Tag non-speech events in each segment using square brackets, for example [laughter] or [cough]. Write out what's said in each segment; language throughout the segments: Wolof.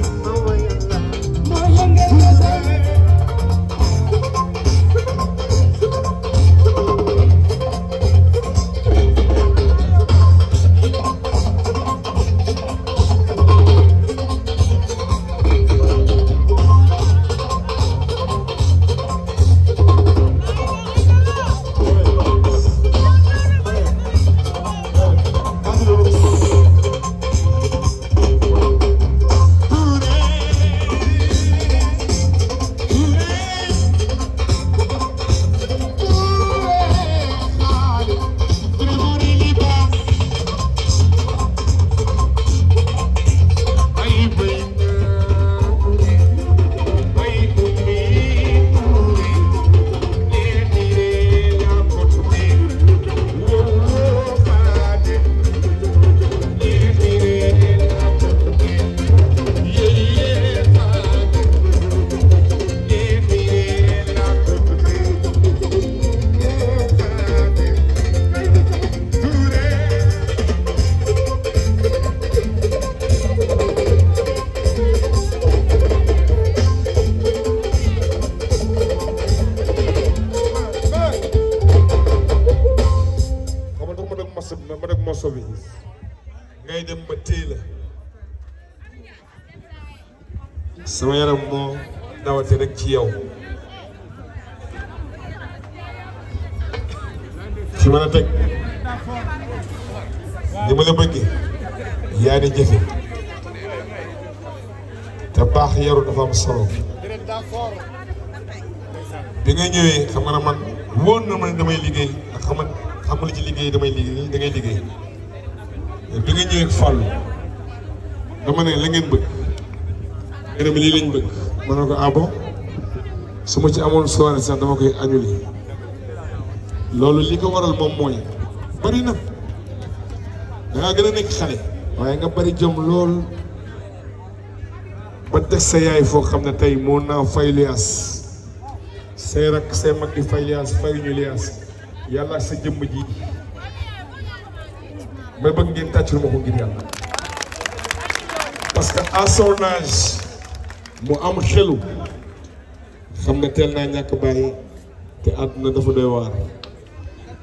assim não é. solo bi bi ñëwee xam nga man wóor na ma ne damay liggéey ak xam nga xam nga ci liggéey damay liggéey dangay liggéey bi nga ñëwee dama ne la ngeen bëgg nga dem lii lañ bëgg ma ne ko ah su ma ci amoon soirée sax dama koy annulé loolu li ko waral moom mooy bari na dangaa gën a nekk xale waaye nga bari jom lool ba teg sa yaay foo xam ne tey moo naa fay liyaas say rakk say mag di fay liyaas fayuñu liyaas yàlla ak sa jëmm ji may bëgg ngeen tàccul ma ko ngir yàlla parce que à son mu am xelu xam ne teel naa ñàkk bàyyi te àdduna dafa doy waar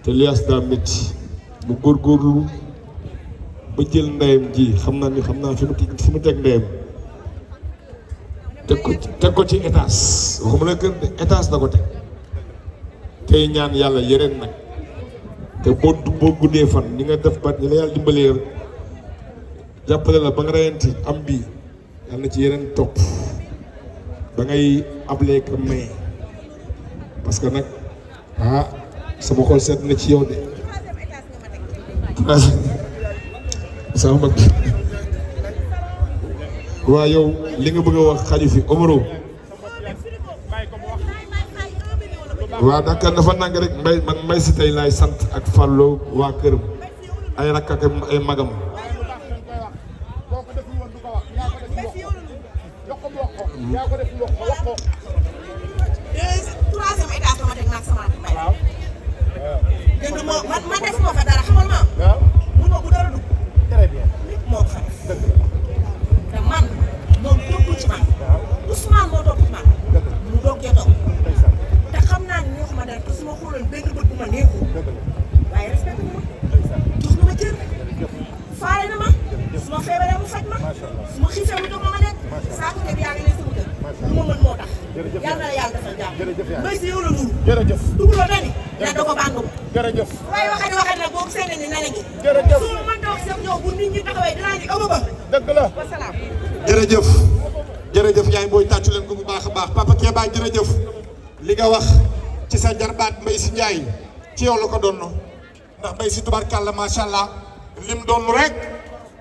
te liyaas daa métti mu góorgóorlu ba jël ndeyam ji xam naa ni xam naa fi mu fi mu teg ndeyam teg ko teg ko ci étage waxuma la kër de étage da ko teg tey ñaan yàlla yeneen nag te boo boo guddee fan ñi nga def ba ñi la yàlla dimbalee jàppale la ba nga reyanti am bii yàlla na ci yeneen topp ba ngay ablee ka may parce que nag ah sama xool seet na ci yow de [laughs] sama mag waa yow li nga bëgg a wax xaju fi Omaro waa Dakar dafa nang rek mbay mbay si tey laay sant ak Fallou waa këram ay rakk ak ay magam jërëjëf dugg la benn ndax jërëjëf yaay booy tàccu leen ko bu baax a baax Papa Keba jërëjëf li nga wax ci sa jarbaat Mbaye si Ndiaye ci yow la ko doon ndax si Sy kàll macha allah lim doon rek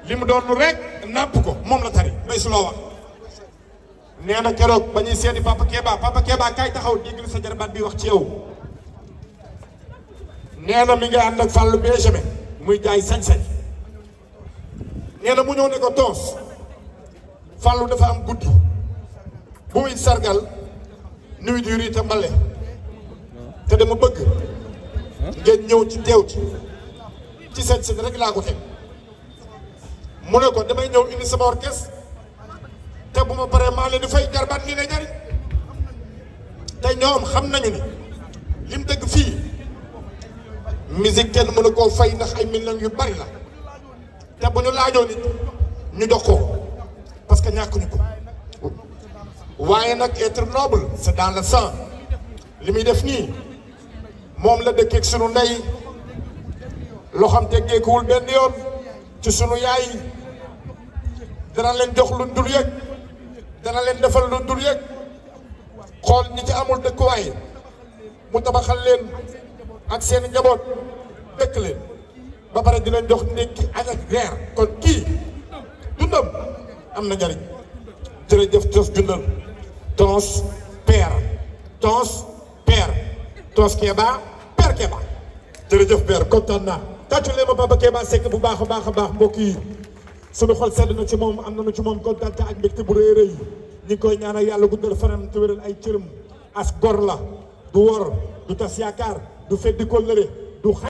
lim doon rek napp ko moom la tari Mbaye Sy loo wax nee na keroog ba ñuy seeti papa Keba papa Keba kay taxaw dégg sa jarbaat bi wax ci yow nee na mi ngi ànd ak Fallou Benjamin muy jaay sañ-sañ nee na mu ñëw ne ko toos Fallou dafa am guddi bu muy sargal nuyu di riita mbale te dama bëgg ngeen ñëw ci teew ci ci sañ-sañ rek laa ko teg mu ne ko damay ñëw indi sama orchestre te bu ma paree maa leen di fay jarbaat lii lay jariñ te ñoom xam nañu ni lim dëgg fii musique kenn mënu koo fay ndax ay millions yu bari la te bu ñu laajoo nit ñu jox ko parce que ñàkkuñu ko waaye nag être noble c'est dans le sang li muy def nii moom la dëkkeek sunu ndey loo xam teggeekuwul benn yoon ci sunu yaay dana leen jox lu dul yëg dana leen defal lu dul yëg xool ñi ci amul dëkkuwaay mu tabaxal leen ak seen njaboot dëkk leen ba pare dina jox ndékki ak ak reer kon kii dundam am na njariñ jërëjëf tos dundal tons père tons père tons Kéba père Kéba jërëjëf père kontaan naa tàccu leen ma Baba Kéba Seck bu baax a baax a baax mbokk yi suñu xol sedd na ci moom am nañu ci moom kontante ak mbégte bu rëy rëy ñu ngi koy ñaanal yàlla guddal fanam te wéral ay cërëm as gor la du wor du tas yaakaar du feddi kóllëre du